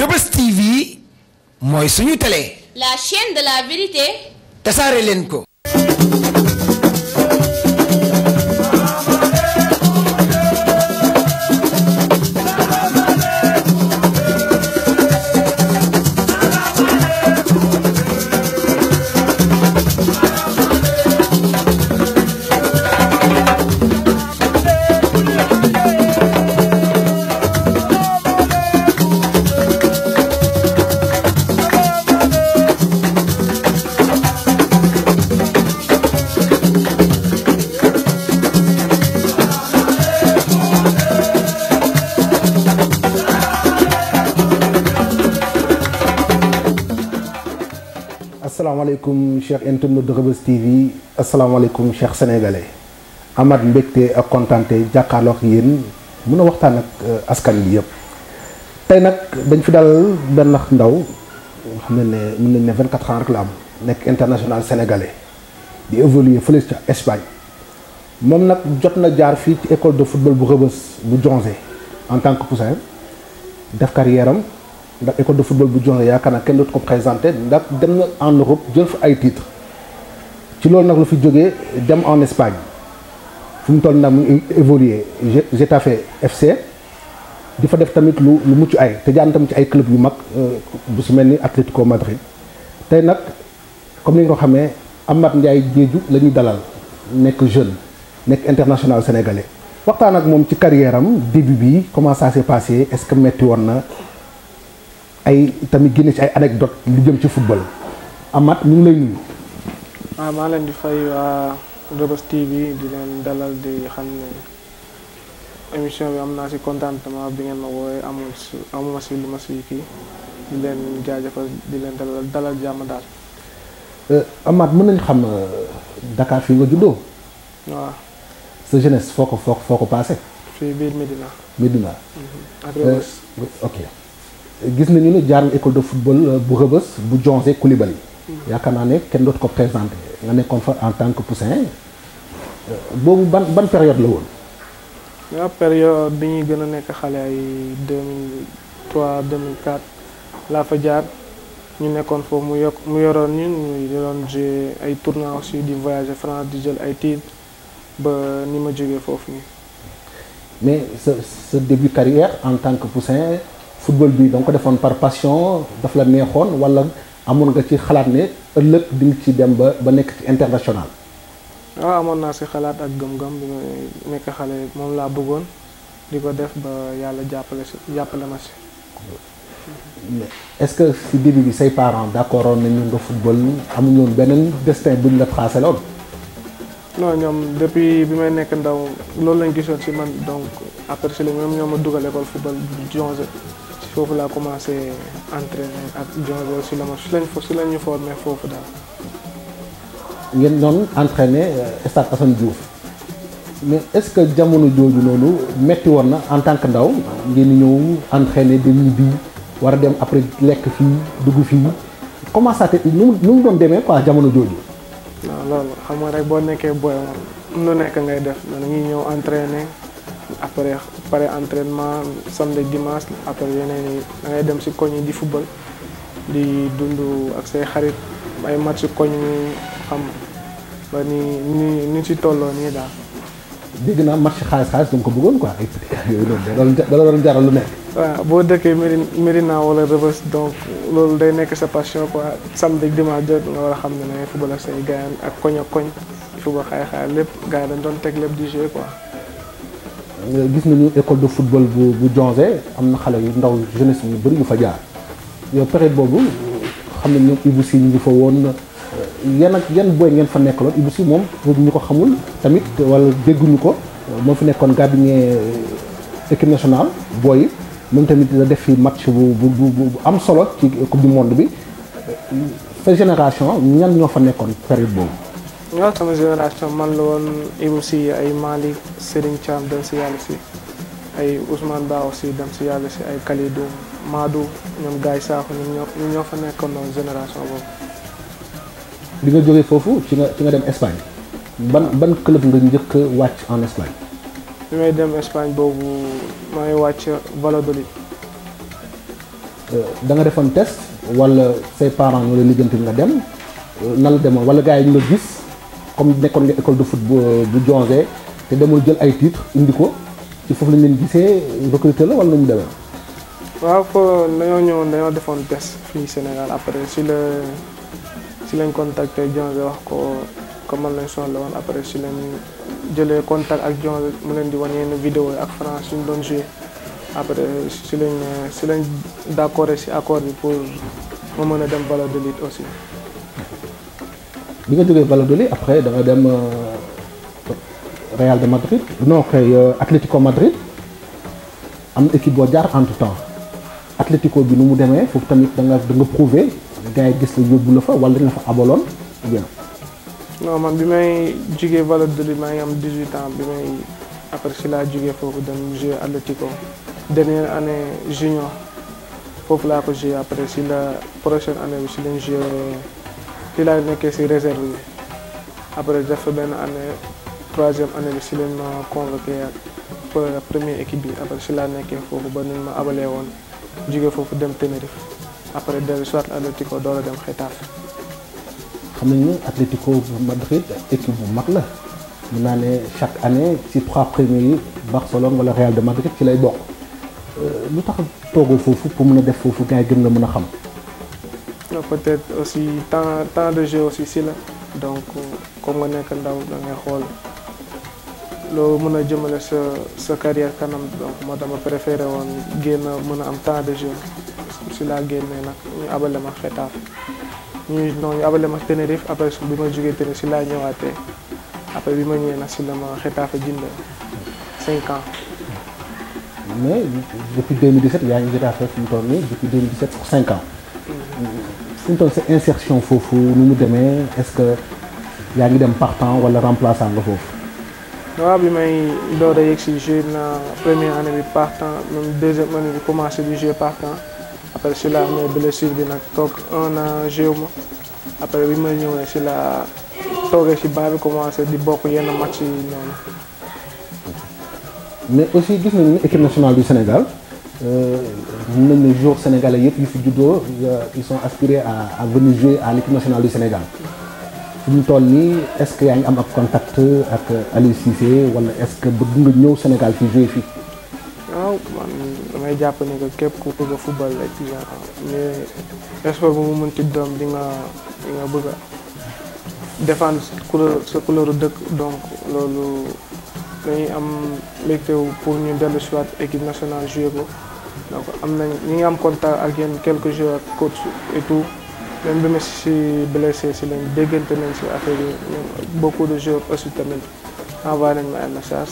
Reubeuss TV mooy suñu télé. la chaîne de la vérité. tasaare leen ko. asalaamaaleykum cheikh internet de Reubeuss TV asalaamaaleykum cheikh sénégalais amaat mbégte ak kontaante jàkkaarloo ak yéen mën a waxtaan ak askan bi yëpp. tey nag dañ fi dal benn ndaw xam ne ne mën nañ ne 24 ans rek la am nekk international sénégalais di évoluer fële ca Espagne moom nag jot na jaar fii ci école de football bu Reubeuss bu Jonze en tant que poussin def carrière am ndax école de football bu jonne yakana ken kenn ko présenté ndap dem na en Europe jël fa ay titre ci loolu nak lu fi jógee dem en Espagne fum mu toll nag évoluer. ngi évolué FC di fa def tamit lu lu mucc ay te jantam ci ay club yu mag euh, bu su melni atletico Madrid tay nag comme ni nga xamé xamee Amath Ndiaye lañu dalal nek jeune nek international sénégalais waxtan ak mom ci carrière am début bi comment ça s'est passé est-ce que metti woon na. ay tamit génne ci ay anecdote lu jëm ci football Amath ñu ngi lay nuyu. waaw ah, maa leen di fay waa Reubeuss TV di leen dalal di xam ne émission bi am naa si contentement bi ngeen ma woowee amul si amuma si lu ma si kii di leen jaajëfal di leen dalal dalal jàmm daal. Euh, Amath mën nañu xam euh, Dakar fii nga juddoo. waaw. sa jeunesse foo ko foo ko paase. fii biir Medina. Medina. Mhm. ak euh, gis nañu ne jaaral école de football euh, bu rebeus bu Jonze Koulibaly mm-hmm. yakana né ne kenn ko présenté nga nekkoon fa en tant que poussin euh, bobu ban ban période la woon. la ah, période bi ñuy gën a nekk ay 2003 2004 la fa jaar ñu nekkoon foofu mu yokk mu yoroon ñun ñu doon jouer ay tournois aussi di voyager France di jël ay titres ba ni ma jógee foofu nii. mais sa sa début carrière en tant que poussin football bi da nga ko defoon par passion daf la neexoon wala amone nga ci xalat ne ëllëg ding ci dem ba ba nek ci international. waaw ah, amoon naa si xalaat ak gëm-gëm bi ma xalé mom la bëggone bëggoon def ba yalla jàppale si jàppale ma si. est-ce que si début bi say parents d'accord woon ñu nga football amuñu woon beneen destin buñ la tracé lool non ñom depuis bi may nek ndaw loolu lañ gisoon ci man donc après si ñom ñoma ñoo ma dugal école football bu foofu la commencé entraîner ak jongo si la ma si lañ fo si lañ ñu formé fofu daal. ngeen doon entraîner euh, stade Assane Diouf mais est-ce que jamono jooju noonu metti woon na en tant que ndaw ngeen ñëw entraîner dem ñibbi war a dem après lekk fii dugg fii comment ça te nu nu mu doon demee quoi jamono jooju. non loolu xam nga rek boo nekkee booy woon nu nekk ngay def noonu ñuy ñëw entraîner. après pare entraînement samedi dimanche après yeneen yi da dem si koñ yi di football di dund ak say xarit ay match koñ yi xam ba ni ni ni si tolloo nii daal. dégg naa match xaalis xaalis danga ko bëggoon quoi ay petits yooyu noonu da jaral lu nekk. waaw boo dëkkee Médina wala Rebeuss donc loolu day nekk sa passion quoi samedi dimanche jot nga war a xam ne da football ak say gars ak koñ ak koñ football xaalis xaalis lépp gars dañ doon teg lépp di jouer quoi. gis nañu école de football bu bu Jonzé am na xale yu ndaw jeunesse yu bëri yu fa jaar yow période boobu xam ne ñoom Ibou Sy ñu ngi fa woon euh, yan ak yan booy ngeen fa nekkaloon Ibou Sy moom pour ñu ko xamul tamit wala dégguñu ko moo fi nekkoon gardien euh, équipe nationale booy moom tamit la def fi match bu bu bu am solo ci coupe du monde bi euh, sa génération ñan ñoo fa nekkoon période boobu. ñoo sama génération man la woon si Sy ay Malick Serigne Thiam dem si yàlla si ay Ousmane Ba aussi dem si yàlla si ay Kalidou Madou ñoom Gaye Sakho ñoom ñoo fa nekkoon noonu génération boobu. bi nga jógee foofu ci nga ci nga dem Espagne ban ban njëkk wàcc en Espagne. bi may boobu maa wàcc Valladolid. Euh, da nga defoon test wala say parents ñoo la liggéeyante nga dem euh, nan la demoon wala gars yi ñu la gis. comme nekkoon nga école de foot bu jonge euh, te demul jël ay titre indi ko ci foofu lañ leen gisee recruter la wala nañu demee. waaw foo dañoo ñëwoon dañoo defoon test fii Sénégal après si la si lañ contacté jonge wax ko comme man lañ soxla woon après si lañ jëlee contact ak jonge mu leen di wan yenn vidéo ak France ñu doon joué après si lañ si lañ d'accord si accord bi pour ma mën a dem bala de lutte aussi. bi nga jógee Valladolid après da nga dem euh, Real de Madrid non kay euh, Atletico Madrid am équipe boo jaar entre temps Atletico bi nu mu demee foofu tamit da nga da nga prouver gars yi gis la yóbbu la fa wala dañ la fa abaloon bien. non man bi may jógee Valladolid maa ngi am 18 ans bi may après si laa jógee foofu dem jouer Atletico dernière année junior foofu laa ko jouer après si la prochaine année bi si lañ jouer fii laa nekkee si réserve bi après def fa benn année troisième année bi si leen ma convoqué ak pour la première équipe bi après si laa nekkee foofu ba ma abalee won jóge fofu dem Tenerife après dellu soit atletico door dem Getafe. xam nañ ne Atlético Madrid équipe bu mag la mun naa ne chaque année ci trois premiers yi Barcelone wala Real de Madrid ci lay bokk euh, lu tax toogoo foofu pour mun a def foofu gars yi gën la mën a xam peut-être aussi tant tant de jeux aussi là donc comme on est quand da ngay xool loo mën a sa sa carrière kanam donc moi dama préféré woon génn mën am temps de jeu c'est laa génnee là ñu abale ma Xetaaf ñu non ñu le ma Tenerife après bi ma jógee Tenerife si laa ñëwaatee après bi ma ñëwee nag si la ma Xetaaf cinq ans. mais depuis 2017 il ngi a une mu toll depuis 2017 pour cinq ans. Mm-hmm. Donc c'est insertion fofu, nous mu est-ce que y a dem partant le remplaçant nga fofu waaw bi may door a yegg si première année bi partant même deuxième année de commencer du jeu partant après cela la blessé blessure bi nag un an joué ma après bi may ñëwee c'est la toogee si baa bi de di bokk yenn match non. mais aussi gis équipe nationale du Sénégal mën nañ ne joueurs sénégalais yëpp yu fi ils sont aspirés à à venir jouer à l'équipe nationale du Sénégal fi mu toll est-ce que yaa ngi am contact avec Aliou Cissé wala est-ce que bëgg nga ñëw Sénégal fi jouer fii. waaw man damay ne que képp ku football a football rek mais sport bu mu mën ci doom di nga di nga bëgg a couleur sa couleur dëkk donc loolu dañuy am mbégte pour ñu dellu si waat équipe nationale jouer ko donc am nañ contact avec quelques jours ak coach et tout même bi si blessé si suis déggante nañ suis affaire beaucoup de joueurs aussi tamit envoyé nañ ma ay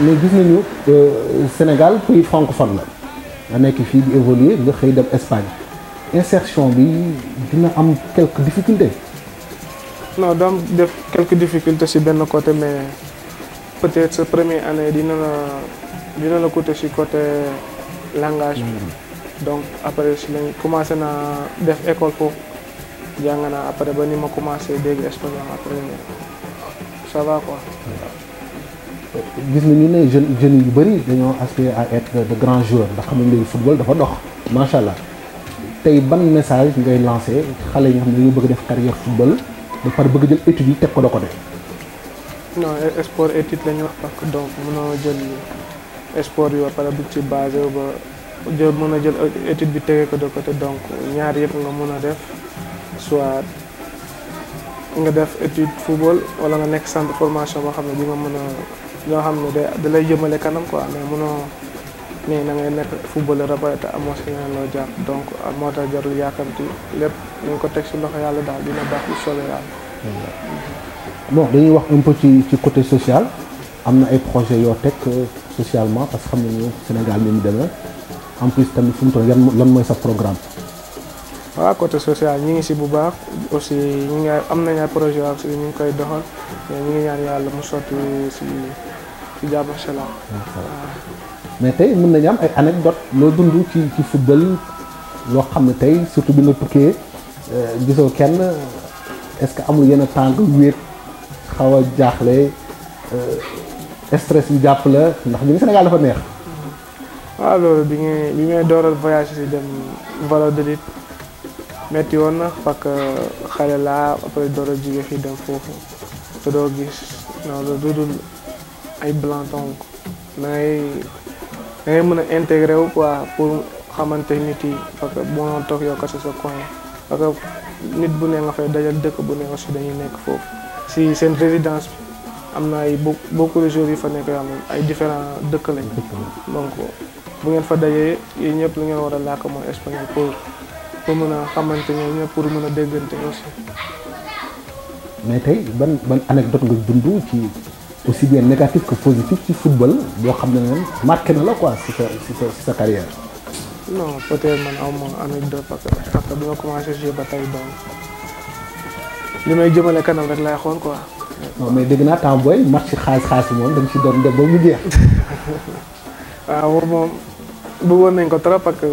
Les moo tax. mais Sénégal nañu Sénégal pays francophone la nga nekk fii di évoluer le xëy Espagne insertion bi dina am quelques difficultés. non doom def quelques difficultés si benn côté mais peut-être sa première année dina dina la coûter si côté langage mm. donc après ci lañ commencé naa def école foofu jàng naa après ba ni ma commencé dégg espagnol après ça va quoi gis nañu ne jeunes jeunes yu bëri dañoo aspiré à être de grands joueurs ndax xam nga léegi football dafa dox macha allah tey ban message ngay lancé xale yi nga xam ne dañoo bëgg def carrière football ba pare bëgg jël études yi teg ko de no non e-, sport étude la wax parce que donc mënoo jël sport yi ba pare bëgg ci basé wu ba jël mën a jël étude bi tegee ko de côté donc ñaar yëpp nga mën a def soit nga def étude football wala nga nekk centre formation boo xam ne di nga mën a loo xam ne day da lay jëmale kanam quoi mais mënoo nii na ngay nekk footballeur ba pare te amoo si ñeneen loo jàpp donc moo tax jarul yàkkamti lépp ñu ngi ko teg si loxo yàlla daal dina baax lu soobee yàlla. bon dañuy wax un ci ci côté social am na ay projet yoo teg. Euh, socialement parce que xam nañu Sénégal ni mu demee en plus tamit fu mu toll lan lan mooy sa programme. waaw côté social ñi ngi si bu baax aussi ñu ngi am na ay ñu ngi koy doxal ñu yàlla mu sotti si si jàmm salaam. mais tey am ay anecdote loo dund ci ci football loo xam ne tey surtout bi nga tukkee euh, gisoo kenn est-ce que amul yenn temps nga wéet xaw a jaaxle. Euh, stress yu jàpp la ndax ñu ngi Sénégal dafa neex. waaw ah, loolu bi ngay bi ngay dooral voyage si dem Valladolid metti woon na parce que xale laa après door a fii dem foofu te doo gis non du dul mën a intégré wu quoi pour xamante nit yi parce que boo noon toog yow kese nit bu ne nga fay dajal dëkk bu ne aussi dañuy nekk foofu si seen résidence am na ay beaucoup de joueurs yu fa nekk yoo ay différents dëkk lañ donc bu ngeen fa dajee yéen ñëpp li ngeen war a làkk mooy espagnol pour pour mën a xamante ñoom ñëpp pour mën a déggante aussi. mais tey ban ban anecdote nga dund ci aussi bien négatif que positif ci football boo xam ne moom marqué na la quoi si sa si sa carrière. non peut-être man anecdote parce que parce bi ma commencé jouer ba tey donc li may jëmale kanam rek lay xool quoi. non mais dégg naa temps booy match xaalis xaalis moom da nga si doon dem ba mu jeex. Ah, waaw moom bëggoon nañ ko trop parce que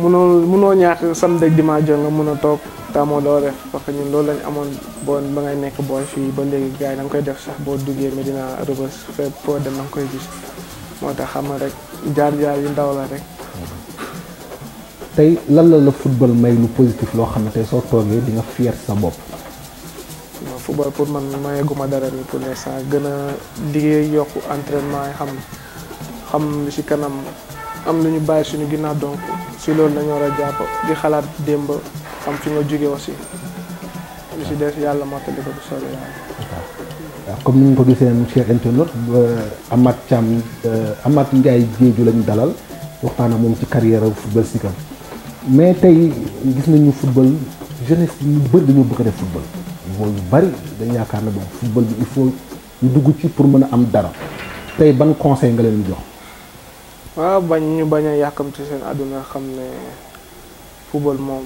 munoo munoo ñaax samedi ak dimanche nga mun a toog taamoo loo def que ñun loolu lañ amoon boo ba ngay nekk booy fii ba léegi gaa yi da koy def sax boo duggee Medina Rebeuss fépp foo dem da koy gis moo tax xam rek jaar-jaar yu ndaw la rek. tey lan la la football may lu positif loo xam ne tey soo toogee di nga fier sa bopp. football pour man guma dara ni pour l'instant ya, gën a liggéey yokku entraînement yi xam xam ci kanam am lu bay suñu ginnaaw donc ci lool lañu wara japp di xalaat démb xam fi nga jugé aussi ni ci def yalla yàlla tali ya. ya, ko solo soobee comme ni ko ko gisee cheikh internaute Amath cham Amath ngay djéju lañu dalal waxtana mom ci carrière football si kam mais tay gis nañu football jeunesse yu bëri dañoo bëgg def football boo yu bari dañ yaakaar ne bon football bi il faut ñu dugg ci pour mën a am dara tey ban conseil nga leen jox. waaw bañ ñu bañ a yàkkamti seen àdduna xam ne football moom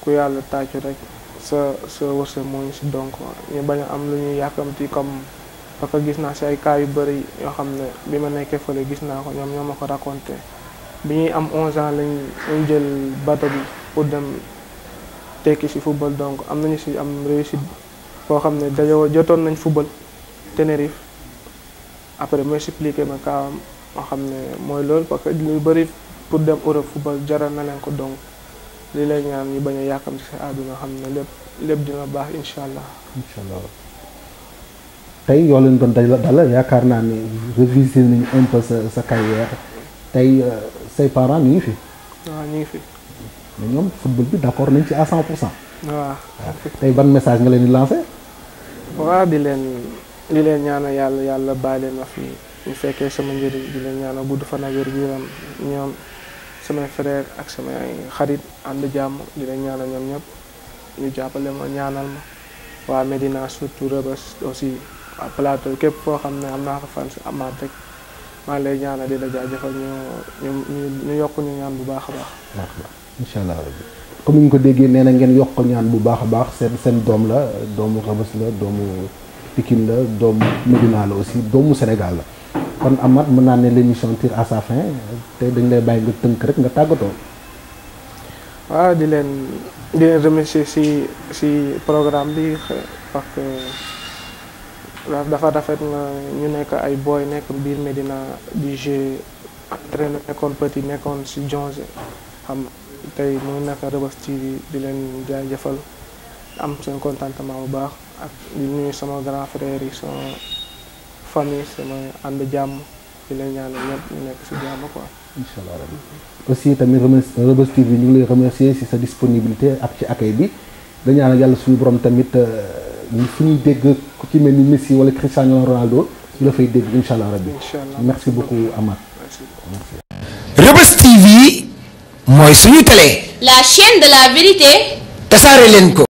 ku yàlla tàccu rek sa sa wërsëg moo ñu si donc ñu bañ a am lu ñuy yàkkamti comme parce que gis naa si ay cas yu bëri yoo xam ne bi ma nekkee fële gis naa ko ñoom ñoo a ko raconté bi ñuy am 11 ans lañ jël bato pour dem. tekki si football donc am nañu si am réussite boo xamné ne jotone nañ football Tenerife après mu expliquer ma ka ma xamné moy lool parce que lu bari pour dem Europe football jaral na len ko donc li lay ñaan ñu baña yakam ci si xamné lepp lepp dina bax inshallah inshallah tay yo tey yoo leen doon dal dal yaakaar naa ni réviser un peu sa carrière tay euh, say parents ñi fi. waaw fi ne ñoom football bi d' accord nañ ci à 100 pour cent. waaw tey ban message nga leen di lancé. waaw di leen di leen ñaanal yàlla yàlla bàyyi leen ma fi ñu fekkee sama njëriñ di leen ñaanal gudd fan ak wér gu yaram ñoom samay frère ak samay xarit ànd jàmm di leen ñaanal ñoom ñëpp ñu jàppale ma ñaanal ma waa Medina surtout Rebeuss aussi waa plateau képp foo xam ne am naa ko fan si amaat rek maa lay ñaanal di la jaajëfal ñu ñu ñu yokk ñu ñaan bu baax a baax incha allah rabbi comme ñu ko déggee nee na ngeen yokk ñaan bu baax a baax seen seen doom la doomu Rebeuss la doomu Pikine la doomu Medina la aussi domu Sénégal la kon Amath mën naa ne l'émission tire à sa fin te dañ lay bàyyi nga tënk rek nga tàggatoo. waaw ah, di leen di leen remercier si si programme bi parce que dafa rafet na ñu nekk ay boy nekk biir Medina di jeu entraîné école petit nekkoon si Jonze xam tey mu nekk Reubeuss TV di leen jëfal am seen contentement bu baax ak di nuyu sama grand frère yi sama famille sama ànd jàmm di leen ñaanal ñëpp ñu nekk si jàmm quoi. incha allah rabbi aussi tamit remercié Reubeuss TV ñu ngi lay remercier si sa disponibilité ak ci accueil bi dañu ñaanal yàlla suñu borom tamit euh, fu ñuy dégg ku ci mel ni Messi wala Cristiano Ronaldo ñu la fay dégg incha allah rabbi. merci beaucoup Amath merci. Reubeuss TV. mooy suñu télé. la chaîne de la vérité. tasaare leen ko.